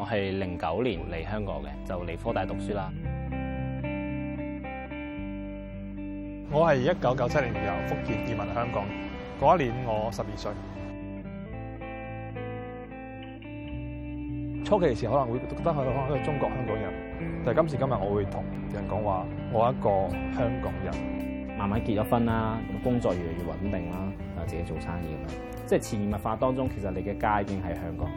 我係零九年嚟香港嘅，就嚟科大讀書啦。我係一九九七年由福建移民香港，嗰一年我十二歲。初期時可能會覺得佢可能係中國香港人，但係今時今日我會同人講話，我一個香港人。慢慢結咗婚啦，咁工作越嚟越穩定啦，啊自己做生意咁樣，即係潛移默化當中，其實你嘅家已經係香港。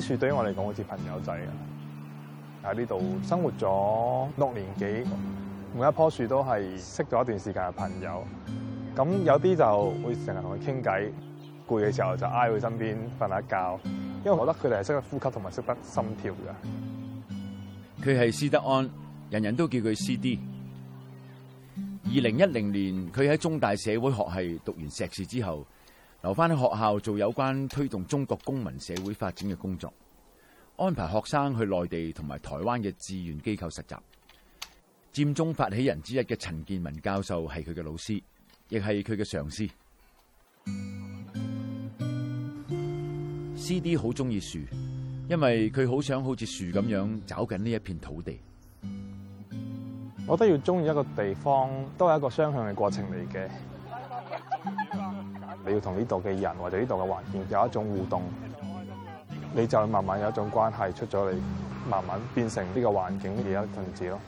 啲樹對於我嚟講好似朋友仔啊！喺呢度生活咗六年幾，每一棵樹都係識咗一段時間嘅朋友。咁有啲就會成日同佢傾偈，攰嘅時候就挨佢身邊瞓下覺。因為我覺得佢哋係識得呼吸同埋識得心跳嘅。佢係施德安，人人都叫佢 CD。二零一零年，佢喺中大社會學系讀完碩士之後。留翻喺學校做有關推動中國公民社會發展嘅工作，安排學生去內地同埋台灣嘅志願機構實習。佔中發起人之一嘅陳健民教授係佢嘅老師，亦係佢嘅上司。CD 好中意樹，因為佢好想好似樹咁樣找緊呢一片土地。我覺得要中意一個地方，都係一個雙向嘅過程嚟嘅。你要同呢度嘅人或者呢度嘅環境有一種互動，你就慢慢有一種關係出咗嚟，慢慢變成呢個環境嘅一分子咯。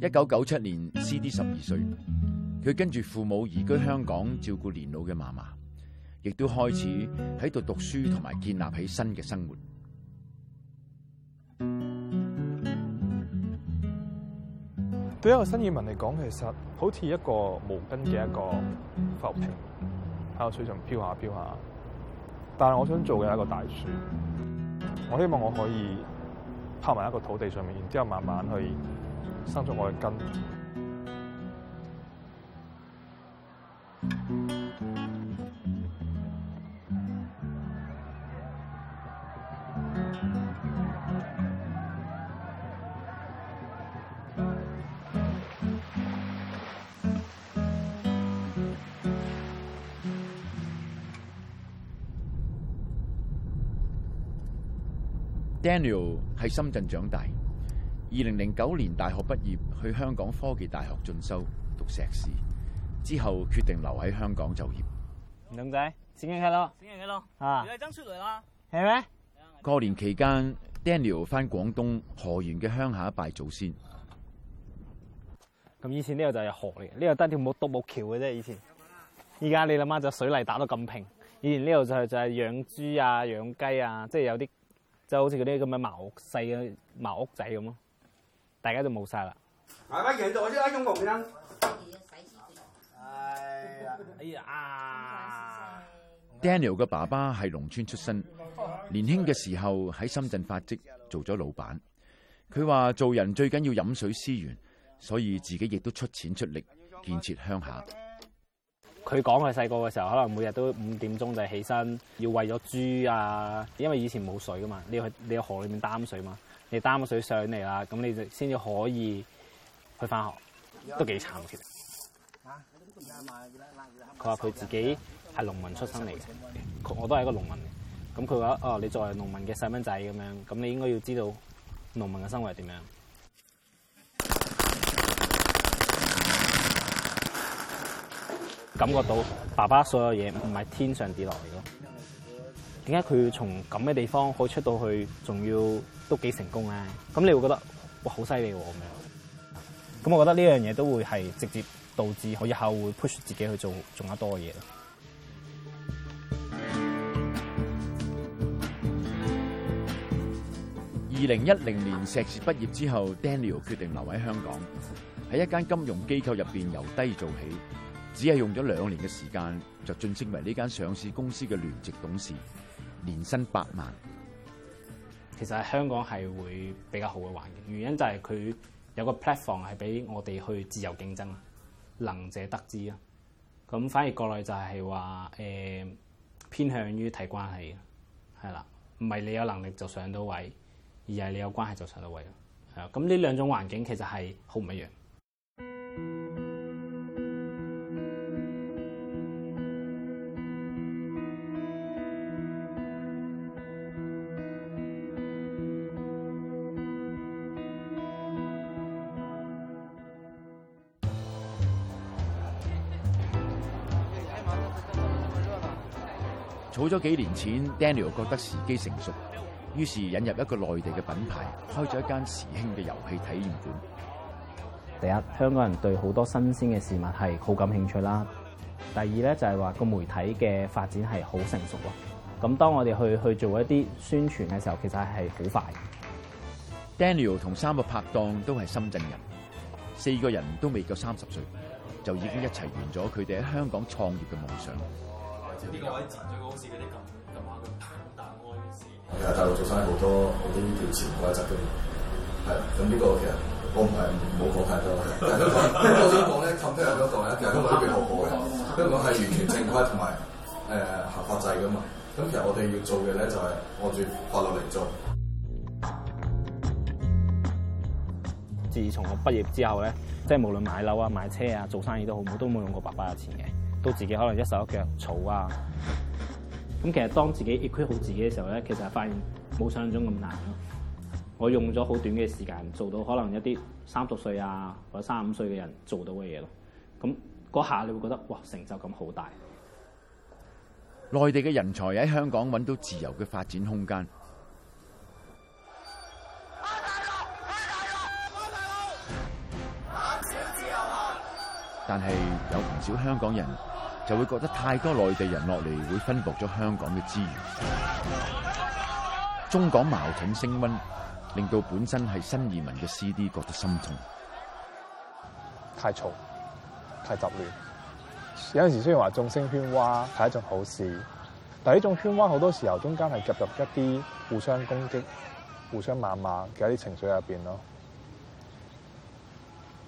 一九九七年，CD 十二歲，佢跟住父母移居香港照顧年老嘅嫲嫲，亦都開始喺度讀書同埋建立起新嘅生活。對一個新移民嚟講，其實好似一個無根嘅一個浮萍喺個水上飄下飄下，但係我想做嘅係一個大樹，我希望我可以拋埋一個土地上面，然之後慢慢去生出我嘅根。Daniel 喺深圳長大，二零零九年大學畢業去香港科技大學進修讀碩士，之後決定留喺香港就業。龍仔，閃入去咯，閃入去咯，啊！又係爭出嚟啦，係咩？過年期間，Daniel 翻廣東河源嘅鄉下拜祖先。咁以前呢度就係河嚟嘅，呢度得條木獨木橋嘅啫。以前，依家你諗下，就水泥打到咁平，以前呢度就係就係養豬啊、養雞啊，即係有啲。就好似嗰啲咁嘅茅屋細嘅茅屋仔咁咯，大家都冇晒啦。Daniel 嘅爸爸係農村出身，年輕嘅時候喺深圳發跡，做咗老闆。佢話做人最緊要飲水思源，所以自己亦都出錢出力建設鄉下。佢講佢細個嘅時候，可能每日都五點鐘就起身，要餵咗豬啊。因為以前冇水噶嘛，你要去你要河裏面擔水嘛，你擔水上嚟啦，咁你就先至可以去翻學，都幾慘其實。佢話佢自己係農民出生嚟嘅，我都係一個農民。咁佢話：哦，你作為農民嘅細蚊仔咁樣，咁你應該要知道農民嘅生活係點樣。感覺到爸爸所有嘢唔係天上跌落嚟咯。點解佢從咁嘅地方可以出到去，仲要都幾成功咧？咁你會覺得哇，好犀利喎咁樣。咁我覺得呢樣嘢都會係直接導致佢以後會 push 自己去做更加多嘅嘢。二零一零年碩士畢業之後，Daniel 決定留喺香港，喺一間金融機構入邊由低做起。只係用咗兩年嘅時間就晉升為呢間上市公司嘅聯席董事，年薪百萬。其實喺香港係會比較好嘅環境，原因就係佢有個 platform 係俾我哋去自由競爭，能者得之啊。咁反而國內就係話誒偏向於睇關係，係啦，唔係你有能力就上到位，而係你有關係就上到位咯。係啊，咁呢兩種環境其實係好唔一樣。儲咗幾年錢，Daniel 覺得時機成熟，於是引入一個內地嘅品牌，開咗一間時興嘅遊戲體驗館。第一，香港人對好多新鮮嘅事物係好感興趣啦；第二咧就係話個媒體嘅發展係好成熟咯。咁當我哋去去做一啲宣傳嘅時候，其實係好快。Daniel 同三個拍檔都係深圳人，四個人都未夠三十歲，就已經一齊圓咗佢哋喺香港創業嘅夢想。呢個位賺咗好似嗰啲咁，撳下個彈彈嗰事。其實在大陸做生意好多，好多條潛規則都喺側邊。係，咁呢個其實我唔係冇講太多。不過呢個咧 compare 香港好好嘅。香港係完全正規同埋、呃、合法制嘅嘛。咁其實我哋要做嘅咧，就係按住法律嚟做。自從我畢業之後咧，即係無論買樓啊、買車啊、做生意都好，都我都冇用過爸爸嘅錢嘅。都自己可能一手一腳嘈啊！咁其實當自己 equip 好自己嘅時候咧，其實發現冇想象中咁難。我用咗好短嘅時間做到可能一啲三十歲啊或者三五歲嘅人做到嘅嘢咯。咁嗰下你會覺得哇成就感好大！內地嘅人才喺香港揾到自由嘅發展空間，太太太太太太太太但係有唔少香港人。就會覺得太多內地人落嚟會分薄咗香港嘅資源。中港矛盾升溫，令到本身係新移民嘅 C.D. 覺得心痛太。太嘈，太雜亂。有陣時雖然話眾聲喧嘩係一種好事，但係呢種喧嘩好多時候中間係夾入一啲互相攻擊、互相謾罵嘅一啲情緒入邊咯。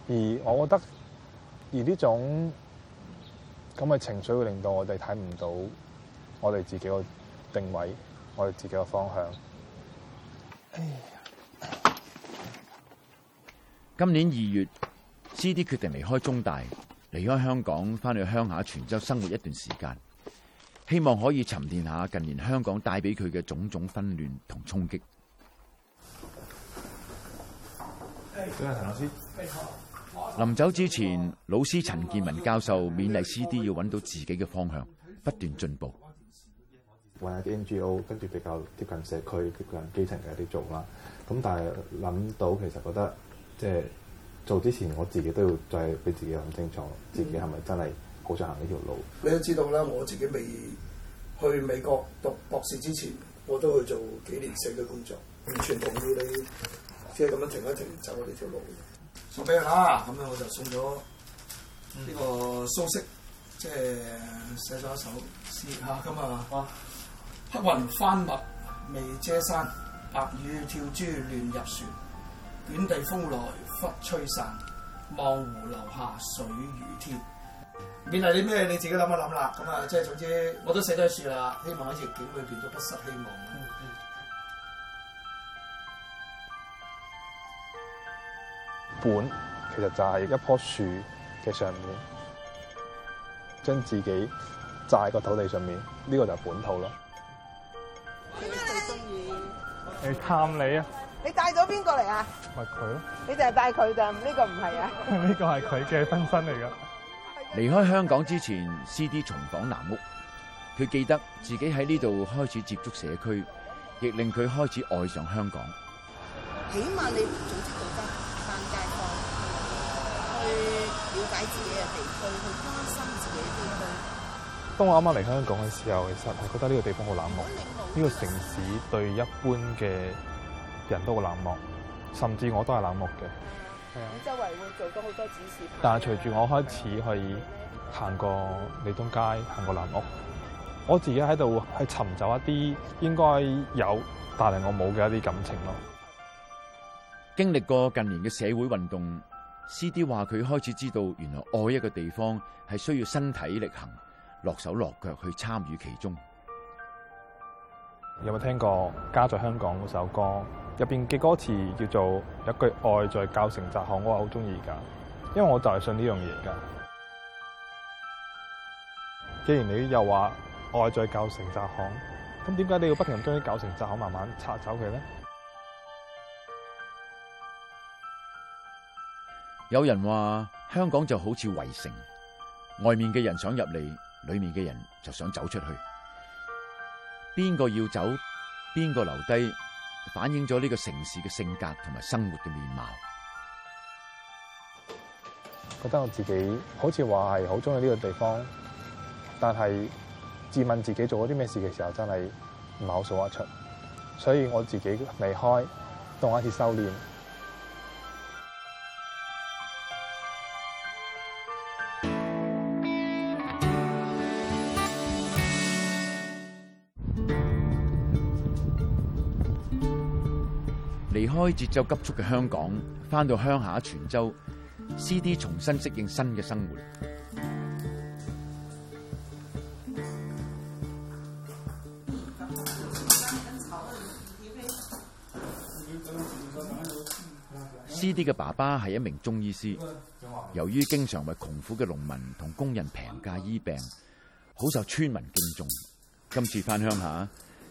而我覺得，而呢種。咁嘅情緒會令我看不到我哋睇唔到我哋自己個定位，我哋自己個方向。今年二月，CD 決定離開中大，離開香港，翻去鄉下泉州生活一段時間，希望可以沉澱下近年香港帶俾佢嘅種種紛亂同衝擊。Hey. Hey. Hey. Hey. 臨走之前，老師陳健民教授勉勵 CD 要揾到自己嘅方向，不斷進步。揾下啲 NGO，跟住比較接近社區、接近基層嘅一啲做啦。咁但係諗到，其實覺得即係、就是、做之前，我自己都要再俾自己諗清楚，自己係咪真係好想行呢條路？你都知道啦，我自己未去美國讀博士之前，我都去做幾年社嘅工作，完全同意你即係咁樣停一停，走我呢條路。送俾佢啦，咁樣我就送咗呢個蘇軾，即係寫咗一首詩吓噶嘛、嗯。黑雲翻墨未遮山，白雨跳珠亂入船。卷地風來忽吹散，望湖樓下水如天。勉勵啲咩？你自己諗一諗啦。咁啊，即係總之，我都寫咗一串啦。希望喺逆境裏邊都不失希望。嗯本其實就係一棵樹嘅上面，將自己扎喺個土地上面，呢個就係本土咯。最中意你探你,你啊！你帶咗邊個嚟啊？咪佢咯。你淨係帶佢咋？呢個唔係啊？呢個係佢嘅婚婚嚟噶。離開香港之前 ，C D 重訪南屋，佢記得自己喺呢度開始接觸社區，亦令佢開始愛上香港。起碼你唔組了解自己嘅地區，去關心自己嘅地區。當我啱啱嚟香港嘅時候，其實係覺得呢個地方好冷漠，呢個城市對一般嘅人都好冷漠，甚至我都係冷漠嘅。係啊，周圍會做過好多指示。但係隨住我開始去行過利東街，行過南屋，我自己喺度去尋找一啲應該有但係我冇嘅一啲感情咯。經歷過近年嘅社會運動。C.D. 話佢開始知道，原來愛一個地方係需要身體力行，落手落腳去參與其中。有冇聽過《家在香港》嗰首歌？入邊嘅歌詞叫做一句愛在教成窄巷，我係好中意噶，因為我就係信呢樣嘢噶。既然你又話愛在教成窄巷，咁點解你要不停將啲教成窄巷慢慢拆走佢咧？有人話香港就好似圍城，外面嘅人想入嚟，裏面嘅人就想走出去。邊個要走，邊個留低，反映咗呢個城市嘅性格同埋生活嘅面貌。覺得我自己好似話係好中意呢個地方，但係自問自己做咗啲咩事嘅時候，真係唔係好數得出。所以我自己離開，當一次修煉。離開節奏急促嘅香港，翻到鄉下泉州，CD 重新適應新嘅生活。CD 嘅爸爸係一名中醫師，由於經常為窮苦嘅農民同工人平價醫病，好受村民敬重。今次翻鄉下。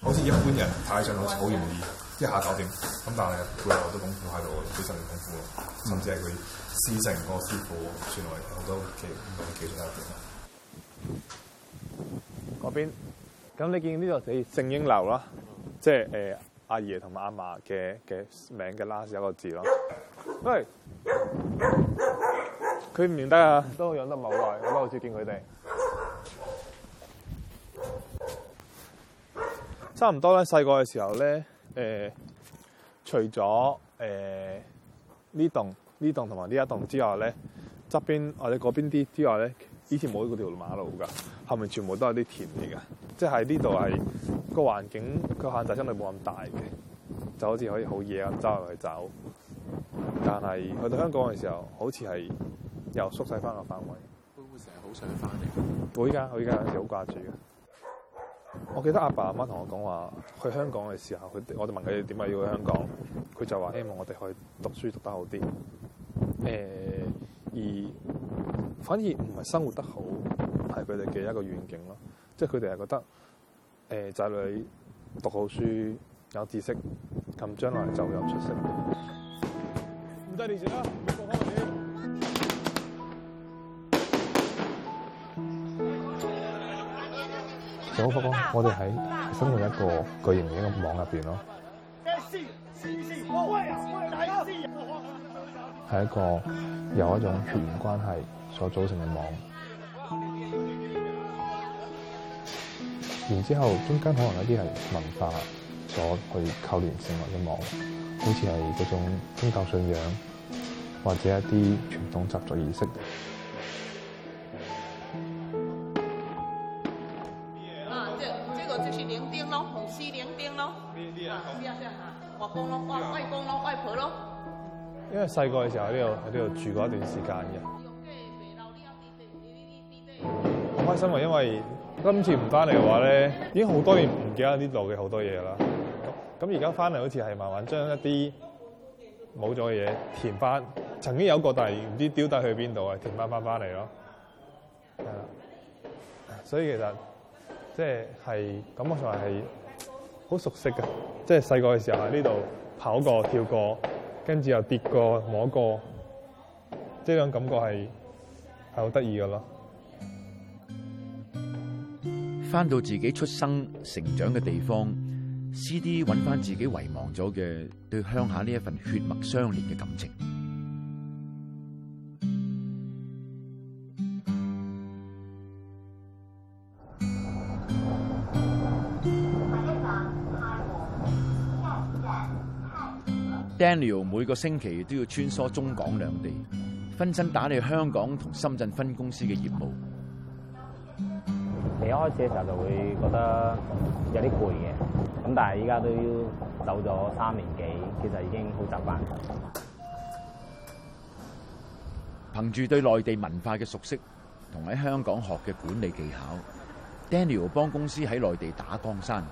好似一般人睇上好似好容易一下搞掂，咁但係佢有好多功夫喺度，幾十年功夫，甚至係佢師承個師傅，算落好多技技術喺度。嗰邊，咁你見呢度寫正英樓啦，即係誒阿爺同埋阿嫲嘅嘅名嘅 last 一個字咯。喂，佢唔認得啊，都養得冇耐，咁啊，好似見佢哋。差唔多啦，細個嘅時候咧，誒、呃，除咗誒呢棟、呢棟同埋呢一棟之外咧，側邊或者嗰邊啲之外咧，以前冇嗰條馬路噶，後面全部都係啲田嚟噶，即係呢度係個環境個限制相對冇咁大嘅，就好似可以好野咁周圍去走。但係去到香港嘅時候，好似係又縮細翻個範圍。會唔會成日好想翻嚟？我依家，我依家有時好掛住噶。我記得阿爸阿媽同我講話，去香港嘅時候，佢我哋問佢哋點解要去香港，佢就話希望我哋可以讀書讀得好啲。誒、呃，而反而唔係生活得好係佢哋嘅一個願景咯，即係佢哋係覺得誒仔、呃、女讀好書有知識，咁將來就有出色。唔得你視啦。好，我哋喺生活一個巨型嘅一個網入邊咯，係一個由一種血緣關係所組成嘅網。然之後中間可能有啲係文化所去構連成嘅網，好似係嗰種宗教信仰或者一啲傳統習俗意識。細個嘅時候喺呢度，喺呢度住過一段時間嘅，好開心啊！因為今次唔翻嚟嘅話咧，已經好多年唔記得呢度嘅好多嘢啦。咁而家翻嚟好似係慢慢將一啲冇咗嘅嘢填翻，曾經有過但係唔知丟低去邊度啊，填翻翻翻嚟咯。係啦，所以其實即係係感覺上係好熟悉嘅，即係細個嘅時候喺呢度跑過跳過。跟住又跌過摸過，即樣感覺係係好得意噶咯。翻到自己出生成長嘅地方，CD 揾翻自己遺忘咗嘅對鄉下呢一份血脈相連嘅感情。Daniel 每個星期都要穿梭中港兩地，分身打理香港同深圳分公司嘅業務。你一開始嘅時候就會覺得有啲攰嘅，咁但係依家都要走咗三年幾，其實已經好習慣。憑住對內地文化嘅熟悉，同喺香港學嘅管理技巧，Daniel 幫公司喺內地打江山。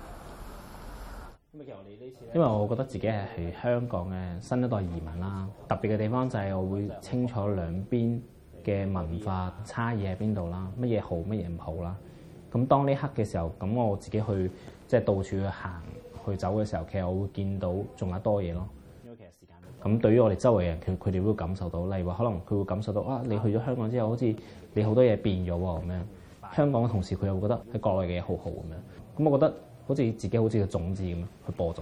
因為我覺得自己係香港嘅新一代移民啦，特別嘅地方就係我會清楚兩邊嘅文化差異喺邊度啦，乜嘢好乜嘢唔好啦。咁當呢刻嘅時候，咁我自己去即係、就是、到處去行去走嘅時候，其實我會見到仲有多嘢咯。因為其實時間咁，對於我哋周圍人，佢佢哋會感受到，例如話可能佢會感受到啊，你去咗香港之後，好似你好多嘢變咗喎咁樣。香港嘅同事佢又會覺得喺國內嘅嘢好好咁樣。咁我覺得。好似自己好似個種子咁樣去播種。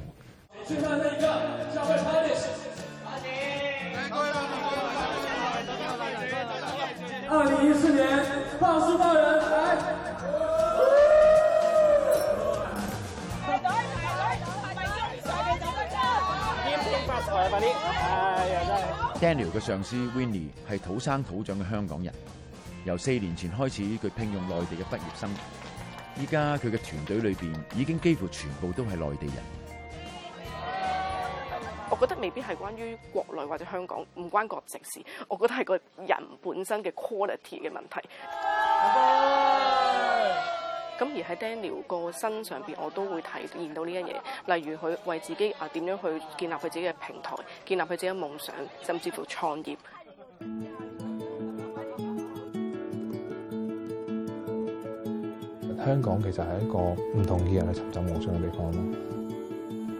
二零一四年，放肆放人，Daniel 嘅上司 Winnie 係土生土長嘅香港人，由四年前開始佢聘用內地嘅畢業生。依家佢嘅團隊裏邊已經幾乎全部都係內地人，我覺得未必係關於國內或者香港，唔關國籍事。我覺得係個人本身嘅 quality 嘅問題。咁而喺 Daniel 個身上邊，我都會體現到呢一嘢，例如佢為自己啊，點樣去建立佢自己嘅平台，建立佢自己嘅夢想，甚至乎創業。香港其實係一個唔同嘅人去尋找夢想嘅地方咯。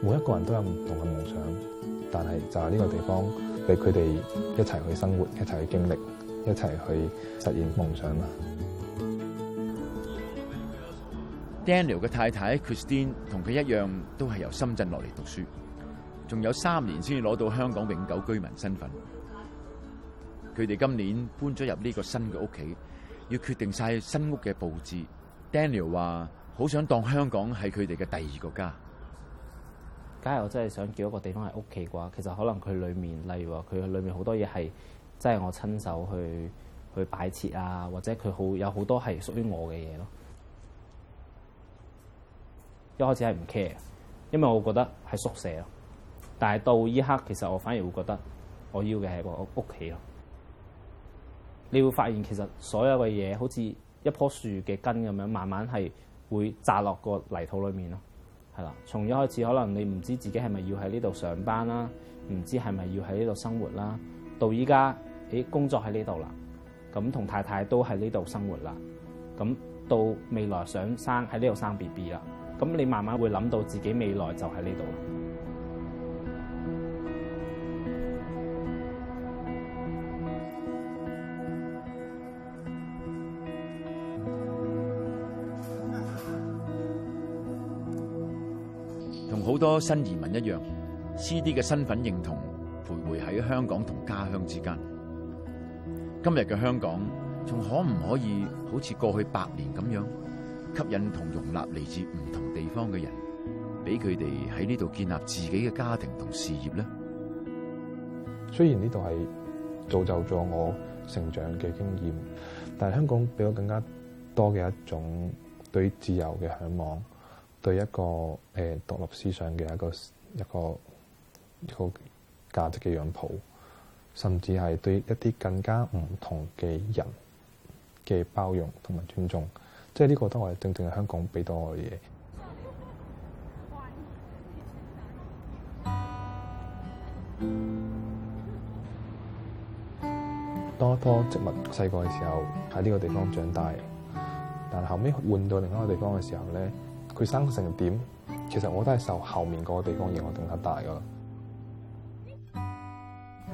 每一個人都有唔同嘅夢想，但係就係呢個地方俾佢哋一齊去生活，一齊去經歷，一齊去實現夢想啦。Daniel 嘅太太 Christine 同佢一樣，都係由深圳落嚟讀書，仲有三年先至攞到香港永久居民身份。佢哋今年搬咗入呢個新嘅屋企，要決定晒新屋嘅佈置。Daniel 話：好想當香港係佢哋嘅第二個家。假如我真係想叫一個地方係屋企啩，其實可能佢裡面，例如話佢裡面好多嘢係，即係我親手去去擺設啊，或者佢好有好多係屬於我嘅嘢咯。一開始係唔 care，因為我覺得係宿舍咯。但係到依刻，其實我反而會覺得我要嘅係一個屋企咯。你會發現其實所有嘅嘢好似～一棵樹嘅根咁樣，慢慢係會扎落個泥土裏面咯，係啦。從一開始可能你唔知自己係咪要喺呢度上班啦，唔知係咪要喺呢度生活啦，到依家，誒、哎、工作喺呢度啦，咁同太太都喺呢度生活啦，咁到未來想生喺呢度生 BB 啦，咁你慢慢會諗到自己未來就喺呢度。好多新移民一樣，CD 嘅身份認同徘徊喺香港同家鄉之間。今日嘅香港仲可唔可以好似過去百年咁樣吸引同容納嚟自唔同地方嘅人，俾佢哋喺呢度建立自己嘅家庭同事業咧？雖然呢度係造就咗我成長嘅經驗，但係香港俾我更加多嘅一種對自由嘅嚮往。對一個誒獨立思想嘅一個一個一個價值嘅養抱，甚至係對一啲更加唔同嘅人嘅包容同埋尊重，即係呢個都係正正係香港俾到我嘅嘢。多一多植物細個嘅時候喺呢個地方長大，但後尾換到另一個地方嘅時候咧。佢生成點？其實我都係受後面嗰個地方影響更加大噶啦。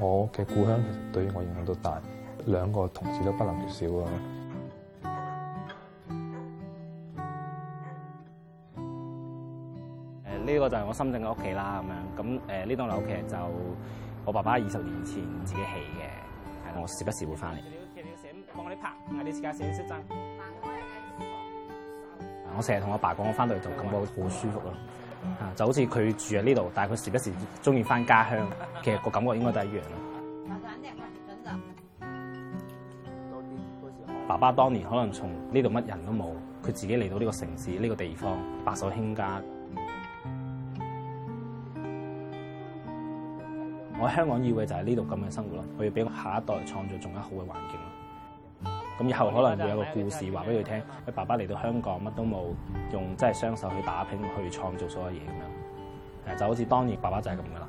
我嘅故鄉其實對於我影響都大，兩個同時都不能缺少啊。誒呢個就係我深圳嘅屋企啦，咁樣咁誒呢棟樓其實就我爸爸二十年前自己起嘅，我時不時會翻嚟。拍，嗌我成日同我爸講，我翻到嚟就感覺好舒服咯，啊，就好似佢住喺呢度，但係佢時不時中意翻家鄉，其實個感覺應該都係一樣。爸爸當年可能從呢度乜人都冇，佢自己嚟到呢個城市、呢個地方，白手興家。我喺香港要嘅就係呢度咁嘅生活咯，我要俾下一代創造更加好嘅環境咯。咁以後可能會有個故事話俾佢聽，佢爸爸嚟到香港乜都冇，用即係雙手去打拼去創造所有嘢咁樣，誒，就好似當年爸爸就係咁噶啦。